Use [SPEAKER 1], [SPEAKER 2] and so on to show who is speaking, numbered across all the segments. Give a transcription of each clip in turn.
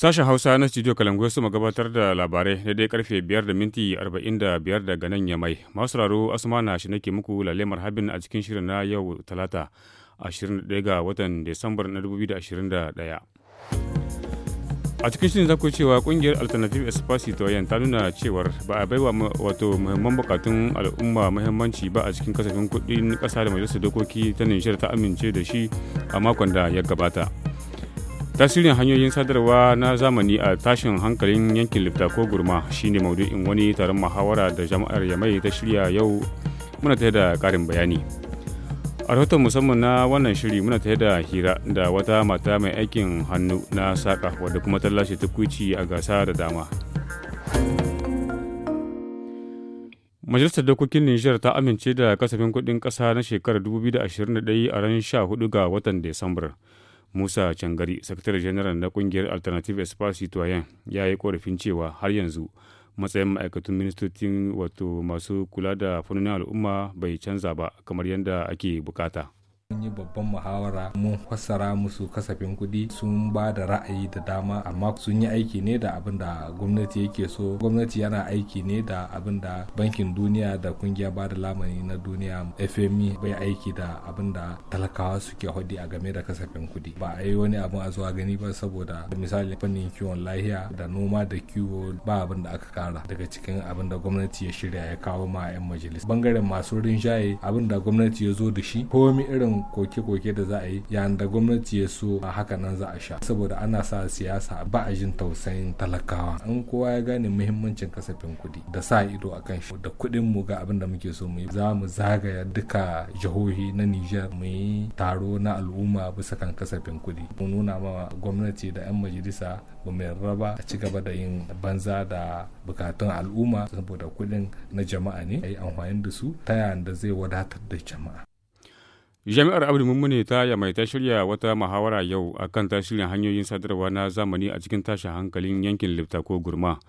[SPEAKER 1] Sashen Hausa na Studio Kalangu su gabatar da labarai dai karfe 5 da minti 45 daga nan yamai. Masu raro Asmana shi nake muku lalemar habin a cikin shirin na yau Talata 21 ga watan Desambar na 2021. a cikin shirin za ku cewa kungiyar alternative espace yan ta nuna cewar ba a baiwa wato muhimman bukatun al'umma muhimmanci ba a cikin kasafin kudin kasa da majalisar dokoki ta nijar ta amince da shi a makon da ya gabata tasirin hanyoyin sadarwa na zamani a tashin hankalin yankin lifta ko gurma shine maudu'in wani taron muhawara da jama'ar yamai ta shirya yau muna ta da karin bayani a rahoton musamman na wannan shiri muna tare da hira da wata mata mai aikin hannu na saƙa wadda kuma ta lashe a gasa da dama majalisar dokokin nijar ta amince da kasafin kudin kasa na shekarar 2021 a ran 14 ga watan desambar musa cangari sakatare janar na kungiyar alternative espace citoyen ya yi korafin cewa har yanzu matsayin ma'aikatun ministocin wato masu kula da fannonin al'umma bai canza ba kamar yadda ake bukata.
[SPEAKER 2] mun yi babban muhawara mun fassara musu kasafin kuɗi sun ba da ra'ayi da dama amma sun yi aiki ne da abin da gwamnati yake so gwamnati yana aiki ne da abin da bankin duniya da kungiya ba da lamani na duniya fmi e, bai aiki da abin da talakawa suke hudi a game da kasafin kuɗi ba a yi wani abu a zuwa gani ba saboda misali fannin kiwon lahiya da noma da kiwo ba abin da aka kara daga cikin abin da gwamnati ya shirya ya kawo ma 'yan majalis bangaren masu rinjaye abin da gwamnati ya zo da shi komi irin koke-koke da za a yi yayin da gwamnati ya so a haka nan za a sha saboda ana sa siyasa ba a jin tausayin talakawa an kowa ya gane muhimmancin kasafin kuɗi da sa ido a kan shi da kuɗin mu ga abin da muke so mu yi za mu zagaya duka jihohi na Nijar mu yi taro na al'umma bisa kan kasafin kuɗi mu nuna ma gwamnati da 'yan majalisa ba mu raba a ci gaba da yin banza da bukatun al'umma saboda kuɗin na jama'a ne a yi amfani da su ta yanda zai wadatar da jama'a
[SPEAKER 1] Jami'ar Abdu Mummune ta mai ta shirya wata muhawara yau akan tasirin hanyoyin sadarwa na zamani a cikin tashin hankalin yankin Lifta ko Gurma.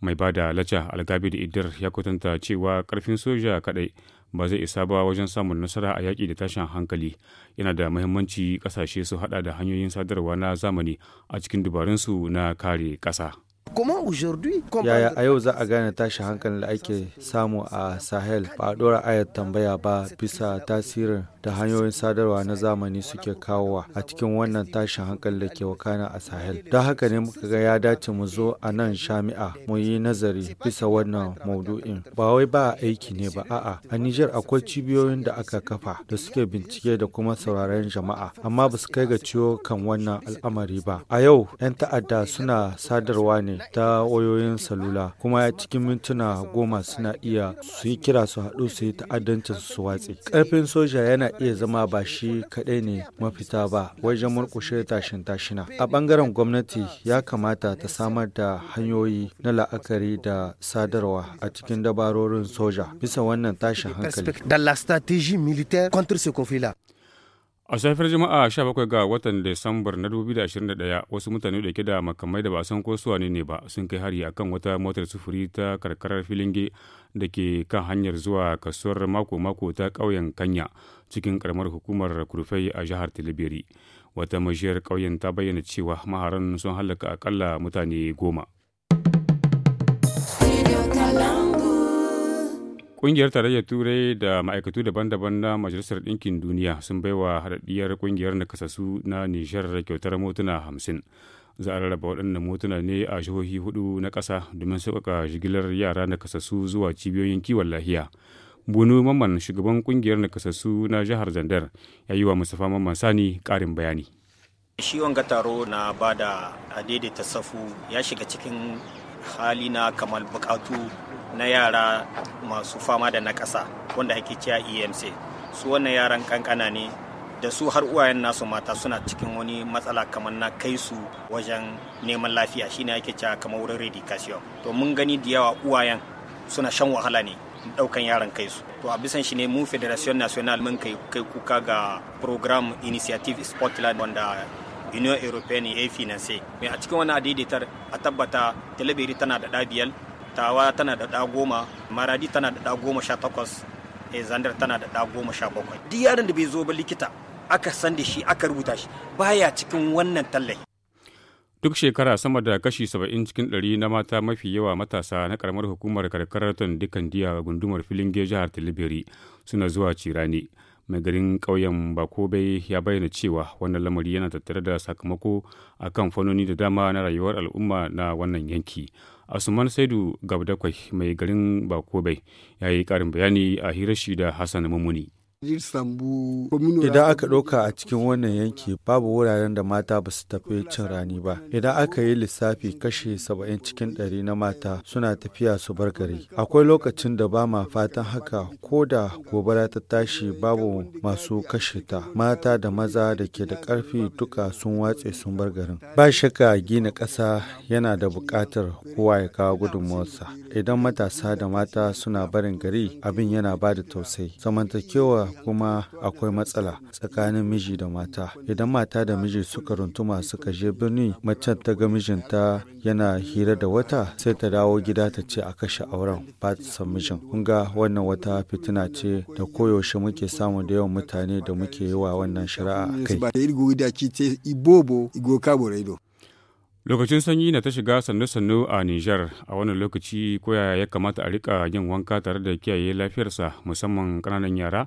[SPEAKER 1] Mai ba da lacca Algabi da Idar ya kwatanta cewa karfin soja kadai ba zai isa ba wajen samun nasara a yaƙi da tashin hankali. Yana da muhimmanci ƙasashe su haɗa da hanyoyin sadarwa na zamani a cikin dubarunsu na kare
[SPEAKER 3] ƙasa.
[SPEAKER 4] Kuma aujourd'hui Yaya
[SPEAKER 3] a yau za a gane tashi hankalin da ake samu a Sahel ba a ɗora ayar tambaya ba bisa tasirin da hanyoyin sadarwa na zamani suke kawowa a cikin wannan tashin hankali da ke wakana a Sahel. Don haka ne muka ga ya dace mu zo a nan shami'a mu yi nazari bisa wannan maudu'in. Ba wai ba aiki ne ba a'a a Nijar akwai cibiyoyin da aka kafa da suke bincike da kuma sauraren jama'a amma ba su kai ga ciwo kan wannan al'amari ba. A yau 'yan ta'adda suna sadarwa ne ne ta wayoyin salula kuma cikin mintuna goma suna iya su yi kira su haɗu su yi ta'addancin su watsi. ƙarfin soja yana iya zama ba shi kaɗai ne mafita ba wajen murƙushe tashin tashina a ɓangaren gwamnati ya kamata ta samar da hanyoyi na la'akari da sadarwa a cikin dabarorin soja bisa wannan tashin hankali A
[SPEAKER 1] safiyar Juma'a 17 ga watan Disambar na 2021 wasu mutane da ke da makamai da ba san ko suwane ne ba sun kai hari akan wata motar sufuri ta karkarar filinge da ke kan hanyar zuwa kasuwar mako-mako ta ƙauyen Kanya cikin karamar hukumar Kurfai a jihar Tilibiri. Wata majiyar ƙauyen ta bayyana cewa maharan sun halaka akalla mutane goma. Ƙungiyar Tarayyar Turai da ma'aikatu daban-daban na Majalisar Ɗinkin Duniya sun baiwa haɗaɗɗiyar ƙungiyar nakasassu na nishar kyautar motuna hamsin. Za a rarraba waɗannan motuna ne a jihohi hudu na ƙasa domin sauƙaƙa jigilar yara nakasassu zuwa cibiyoyin kiwon lahiya. Bunu Mamman shugaban ƙungiyar nakasassu na jihar Zandar ya yi wa Mustapha Mamman Sani ƙarin bayani.
[SPEAKER 4] Shi wanga taro na bada a ta safu ya shiga cikin hali na kamar buƙatu na yara masu fama da na ƙasa wanda ake cewa emc su wannan yaran kankana ne da su har uwayen nasu mata suna cikin wani matsala kamar na kai su wajen neman lafiya shine ake cewa kamar wurin redication to mun gani da yawa uwayen suna shan wahala ne daukan yaran kai su to a bisan shi ne mu federation national mun kai kai kuka ga program initiative scotland wanda union european ya finance mai a cikin wani adaidatar a tabbata talabiri tana da ɗabiyal tawa tana da ɗa goma maradi tana da ɗa goma sha takwas eh, zandar tana da ɗa goma sha bakwai duk yaron da bai zo ba likita aka san da shi aka rubuta shi baya cikin wannan tallafi
[SPEAKER 1] duk shekara sama da kashi saba'in cikin ɗari na mata mafi yawa matasa na karamar hukumar karkarar tandikan diya gundumar filin jihar tilibiri suna zuwa cirani mai garin ƙauyen bakobe ya bayyana cewa wannan lamari yana tattare da sakamako akan fanoni da dama na rayuwar al'umma na wannan yanki Asuman Saidu Gabdakwai mai garin Bakobai ya yi karin bayani a hirashi da Hassan Mumuni.
[SPEAKER 3] Idan aka ɗauka a cikin wannan yanki babu wuraren da mata ba su tafi cin rani ba. Idan aka yi lissafi kashe saba'in cikin ɗari na mata suna tafiya su bar gari. Akwai lokacin da ba ma fatan haka ko da gobara ta tashi babu masu kashe ta. Mata da maza da ke da ƙarfi duka sun watse sun bar garin. Ba shakka gina ƙasa yana da buƙatar kowa ya kawo gudunmawarsa. Idan matasa da mata suna barin gari abin yana ba da tausayi. Zamantakewa kuma akwai matsala tsakanin miji da mata idan mata da miji suka runtuma suka je birni macen ta ga mijinta yana hira da wata sai ta dawo gida ta ce a kashe auren ba ta san mijin kun ga wannan wata fitina ce da koyaushe muke samu da yawan mutane da muke yi wa wannan shari'a kai lokacin sanyi na ta shiga
[SPEAKER 1] sannu-sannu a niger a wannan lokaci koyaya ya kamata a rika yin wanka tare da kiyaye lafiyarsa musamman kananan yara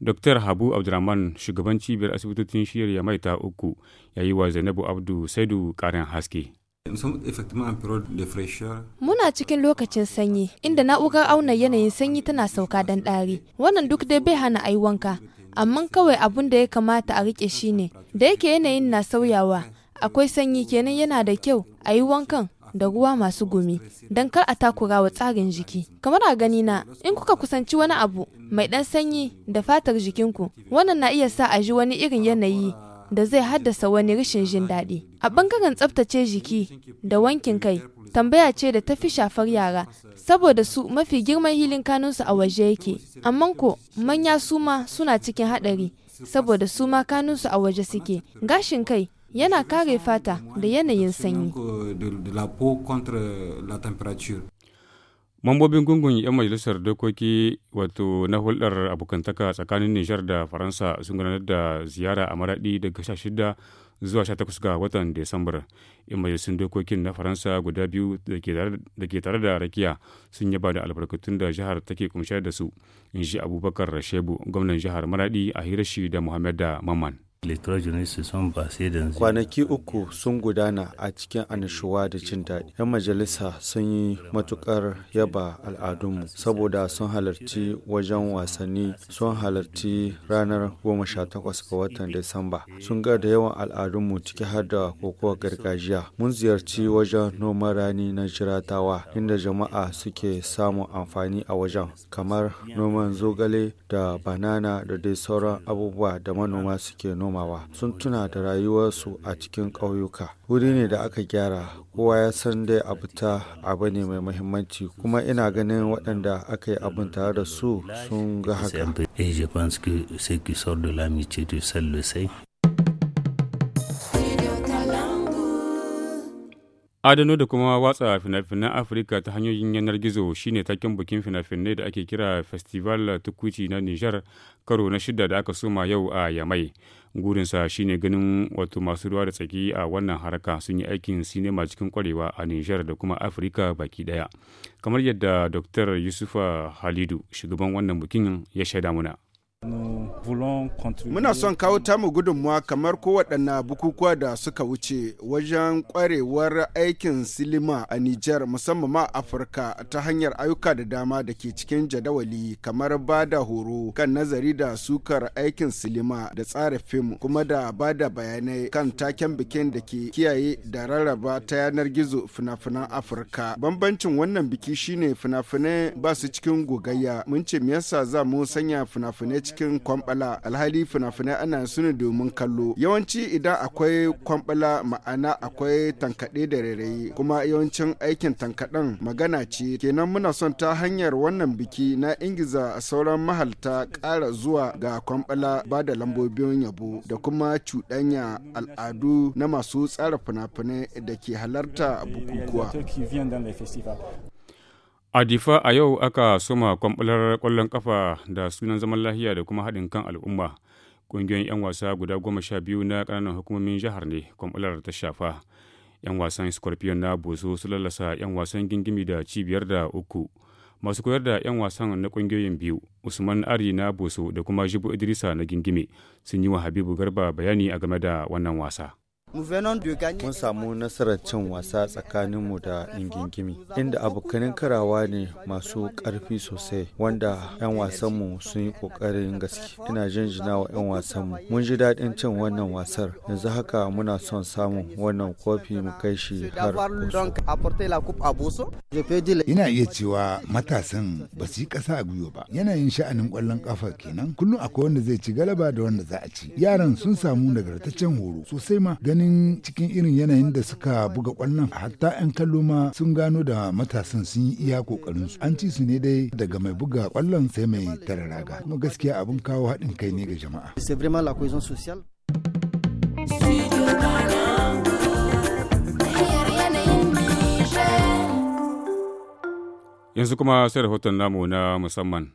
[SPEAKER 1] Dr. Habu Abdurrahman shugaban cibiyar asibitocin shiyar ya maita uku ya yi wa Zainabu Abdu Saidu karin haske.
[SPEAKER 5] Muna cikin lokacin sanyi, inda na'urar auna yanayin sanyi tana sauka dan ɗari. Wannan duk dai bai hana ayi wanka, amma kawai abun da ya kamata a riƙe ne da yake yanayin na sauyawa, akwai sanyi kenan yana da kyau a yi wankan da ruwa masu gumi don kar a takura wa tsarin jiki. Kamar a gani na in kuka kusanci wani abu mai ɗan sanyi da fatar jikinku wannan na iya sa a ji wani irin yanayi da zai haddasa wani rashin jin daɗi. A ɓangaren tsaftace jiki da wankin kai, tambaya ce da ta fi shafar yara, saboda su mafi girman hilin kanunsu a waje yake. Amma ko manya suma suna cikin haɗari, saboda suma kanunsu a waje suke. Gashin kai yana kare fata da yanayin sanyi.
[SPEAKER 1] Mambobin gungun 'yan majalisar dokoki wato na hulɗar abokantaka tsakanin Nijar da Faransa sun gudanar da ziyara a maraɗi daga shida zuwa sha 18 ga watan Desambar. 'Yan majalisun dokokin na Faransa guda biyu da ke tare da rakiya sun yaba da albarkatun da jihar take kumshe da su, in ji Abubakar rashebu gwamnan jihar maraɗi a hirashi da Muhammad da mamman.
[SPEAKER 3] Kwanaki uku sun gudana a cikin anishuwa da jin daɗi. 'Yan majalisa sun yi matukar yaba al'adunmu saboda sun halarci wajen wasanni sun halarci ranar 18 ga watan Disamba. Sun ga da yawan al'adunmu ciki har da kokowar gargajiya. Mun ziyarci wajen noman rani na jiratawa inda jama'a suke samun amfani a wajen kamar noman zogale da banana da dai sauran abubuwa da manoma suke noma. girmamawa sun tuna da rayuwarsu a cikin ƙauyuka wuri ne da aka gyara kowa ya san dai abu ta abu ne mai muhimmanci kuma ina ganin waɗanda aka yi abin tare da su sun ga haka adano da
[SPEAKER 1] kuma watsa fina-finan afirka ta hanyoyin yanar gizo shine taken bukin fina-finai da ake kira festival tukuci na niger karo na shida da aka soma yau a yamai gurinsa shine ganin wato masu ruwa da tsaki a wannan haraka sun yi aikin sinema cikin kwarewa a nijar da kuma afirka baki daya kamar yadda dr yusufa halidu shugaban wannan bukin ya shaida muna
[SPEAKER 4] Muna son kawo tamu gudunmuwa kamar kowaɗanna bukukuwa da suka wuce wajen ƙwarewar aikin silima a Nijar musamman ma Afirka ta hanyar ayyuka da dama da ke cikin jadawali kamar ba da horo kan nazari da sukar aikin silima da tsara fim kuma da ba da bayanai kan taken bikin da ke kiyaye da rarraba ta yanar gizo fina-finan Afirka. Bambancin wannan biki shine fina-finai ba su cikin gogayya mun ce me yasa za mu sanya fina-finai cikin kwambala alhali fina-finai ana suna domin kallo yawanci idan akwai kwambala ma'ana akwai tankaɗe da rairayi kuma yawancin aikin tankaɗen magana ce kenan muna son ta hanyar wannan biki na ingiza sauran mahalta ƙara zuwa ga kwambala ba da lambobin yabo da kuma cuɗanya al'adu na masu tsara fina-finai da ke halarta
[SPEAKER 1] bukukuwa A difa a yau aka soma kwamfular kwallon kafa da sunan zaman lahiya da kuma haɗin kan al'umma. Ƙungiyoyin 'yan wasa guda goma sha biyu na ƙananan hukumomin jihar ne kwamfular ta shafa. 'Yan wasan Scorpion na Boso su lalasa 'yan wasan gingimi da cibiyar da uku. Masu koyar da 'yan wasan na ƙungiyoyin biyu, Usman Ari na Boso da kuma Jibu Idrisa na gingimi sun yi wa Habibu Garba bayani a game da wannan wasa.
[SPEAKER 3] Mun samu nasarar cin wasa tsakaninmu da ingingimi, inda abokanin karawa ne masu ƙarfi sosai wanda 'yan wasanmu sun yi ƙoƙarin gaske. Ina jinjina wa 'yan wasanmu. Mun ji daɗin cin wannan wasar, yanzu haka muna son samun wannan kofi mu kai shi har Ina iya cewa matasan ba su yi ƙasa a gwiwa ba.
[SPEAKER 4] Yanayin sha'anin ƙwallon ƙafa kenan, kullum akwai wanda zai ci galaba da wanda za a ci. Yaran sun samu nagartaccen horo sosai ma gani. ganin cikin irin yanayin da suka buga kwallon hatta 'yan kallo ma sun gano da matasan sun yi iya kokarin su an ci su ne dai daga mai buga kwallon sai mai tara raga kuma gaskiya abin kawo haɗin kai ne ga jama'a
[SPEAKER 1] yanzu kuma sai rahoton namu na musamman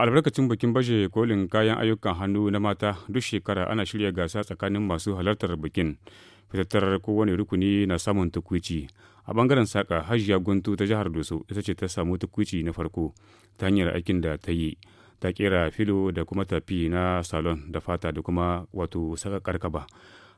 [SPEAKER 1] albarkacin bikin baje kolin kayan ayyukan hannu na mata duk shekara ana shirya gasa tsakanin masu halartar bikin fitattar kowane rukuni na samun tukwici a bangaren saka hajiya guntu ta jihar doso ita ce ta samu tukwici na farko ta hanyar aikin da ta yi ta kera filo da kuma tafi na salon da fata da kuma wato saka karkaba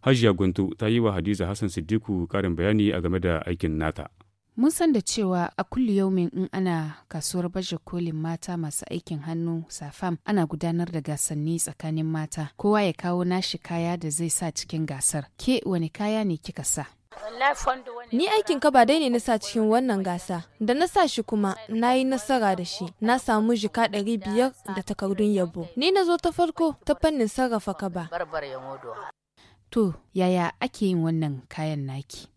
[SPEAKER 1] hajiya guntu ta yi wa hadiza hassan siddiku karin bayani a game da aikin nata
[SPEAKER 5] Mun san da cewa a kulli yaumin in ana kasuwar baje kolin mata masu aikin hannu safam ana gudanar da gasanni tsakanin mata kowa ya kawo nashi kaya da zai sa cikin gasar. Ke wani kaya ne kika sa? Ni aikin ka ba dai ne nasa cikin wannan gasa, da na sa shi kuma na yi nasara da shi, na samu jika ɗari biyar da takardun yabo. Ni na zo ta farko ta fannin sarrafa ka ba. To, yaya ake yin wannan kayan naki?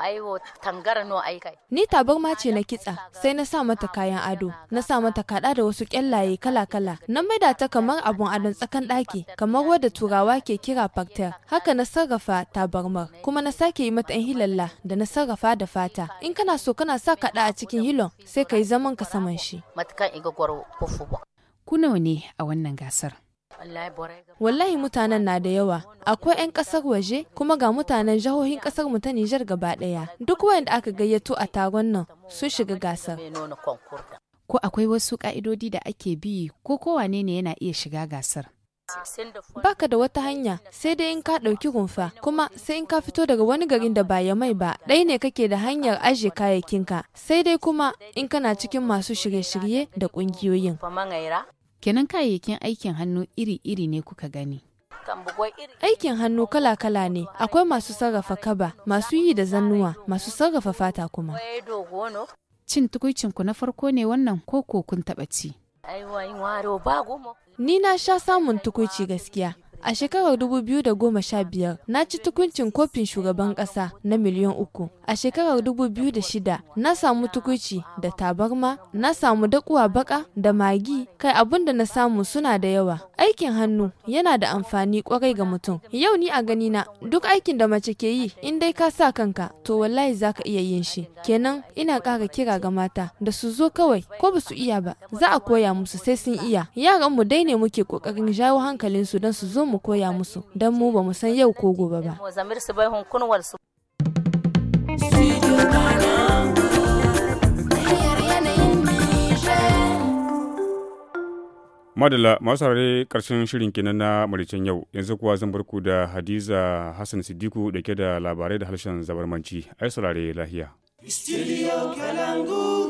[SPEAKER 3] aiwo tangara
[SPEAKER 5] no aikai. Ni tabarma ce na kitsa sai na sa mata kayan ado, na sa mata kada da wasu kyallaye kala-kala. Na maida ta kamar abun adon tsakan daki kamar wadda turawa ke kira factor Haka na sarrafa tabarmar, kuma na sake yi mata 'yan hilalla da na sarrafa da fata. In kana so kana sa kada a cikin hilon sai ka yi zaman ka saman shi.
[SPEAKER 3] Matakan iga gwaro
[SPEAKER 5] Ku nawa ne a wannan gasar? Wallahi mutanen na da yawa, akwai 'yan ƙasar waje kuma ga mutanen jihohin ƙasar mu ta Nijar gaba ɗaya. Duk wanda aka gayyato a taron nan sun shiga gasar. Ko akwai wasu ƙa'idodi da ake bi ko kowane ne yana iya shiga gasar? Baka da wata hanya sai dai in ka ɗauki rumfa kuma sai in ka fito daga wani garin da ba ya mai ba ɗai ne kake da hanyar aje kayayyakinka sai dai kuma in kana cikin masu shirye-shirye da ƙungiyoyin. Kenan kayayyakin aikin hannu iri-iri ne kuka gani. Aikin hannu kala-kala ne, akwai masu sarrafa kaba, masu yi da zannuwa, masu sarrafa fata kuma. Cin ku na farko ne wannan koko kun taɓa ci. Ni na sha samun tukuici gaskiya, A shekarar 2015 na ci tukuncin kofin shugaban ƙasa na miliyan uku. A shekarar 2006 na samu tukuci da tabarma, na samu dakuwa baka da magi, kai abin da na samu suna da yawa. Aikin hannu yana da amfani kwarai ga mutum. Yau ni a gani na. duk aikin da mace ke yi in dai ka sa kanka to wallahi za ka iya yin shi. Kenan ina ƙara kira ga mata da su zo kawai ko ba su iya ba za a koya musu sai sun iya. Yaran mu dai ne muke ƙoƙarin jawo hankalinsu don su zo mu koya musu don mu ba mu san yau ko gobe ba.
[SPEAKER 1] madala masu saurare karshen shirin kenan na maricin yau yanzu kuwa zan barku da hadiza hassan sidiku da ke da labarai da harshen zabarmanci ai saurare lahiya.
[SPEAKER 5] Studio Kalangu.